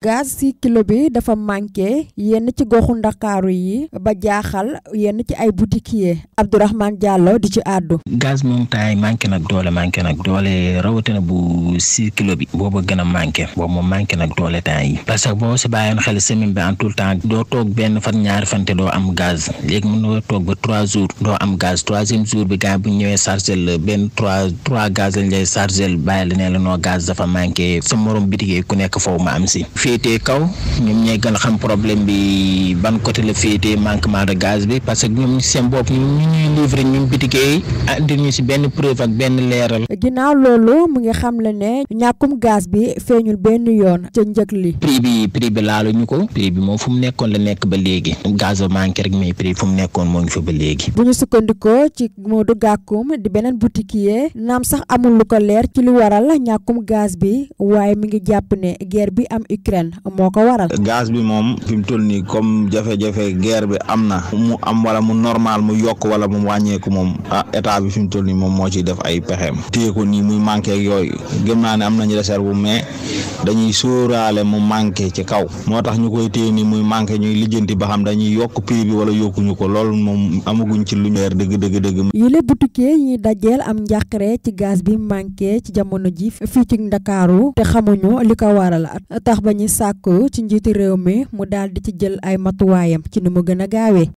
gaz si kilo bi dafa manqué yenn ci goxu ndakaaru yi ba jaaxal yenn ci ay boutique yi Abdourahmane Diallo di ci àddu gaz moom taay manqué nag doole manqué nag doole rawatina bu si kilo bi booba gën a manqué boobu moom manqué nag doole temps yi parce que boo si bàyyoon xel semaine bi en tout le temps doo toog benn fan ñaari fante doo am gaz léegi mën nga toog ba trois jours doo am gaz troisième jour bi gars bu ñëwee chargel la benn trois trois gaz lañ lay chargel bàyyi la nee la noo gaz dafa manqué sa morom bitigee ku nekk foofu ma am si féetee kaw ñoom ñooy gën a xam problème bi ban côté la féetee manquement de gaz bi parce que ñoom seen bopp ñun ñu ñuy livré ñun bitigéey andi ah, ñu si benn preuve benn leeral. ginnaaw loolu mu ngi xam la ne ñàkkum gaz bi feeñul benn yoon ca njëg li. prix bi prix bi laaluñu ko prix bi moom fu mu nekkoon la nekk ba léegi gaz ba manqué rek mais prix fu mu nekkoon moo ngi fa ba léegi. bu ñu sukkandikoo ci Modou Gakoum di beneen boutiquier naam sax amul lu ko leer ci ren moo ko waral. gaz bi moom fi toll nii comme jafe-jafe guerre bi am na mu am wala mu normal mu yokk wala mu wàññeeku moom a état bi fi mu toll nii moom moo ciy def ay pexeem téye ko nii muy manqué ak yooyu gëm naa ne am nañu réserve mais dañuy sóoraale mu manqué ci kaw moo tax ñu koy téye nii muy manqué ñuy lijjanti ba xam dañuy yokk prix bi wala yokkuñu ko lool moom amaguñ ci lu leer dëgg dëgg dëgg. yile butukee ñuy dajeel am njàqare ci gaz bi manqué ci jamono ji fii sàkku ci njiitu réew mi mu daal di ci jël ay matuwaayam ci ni mu gën a gaawee.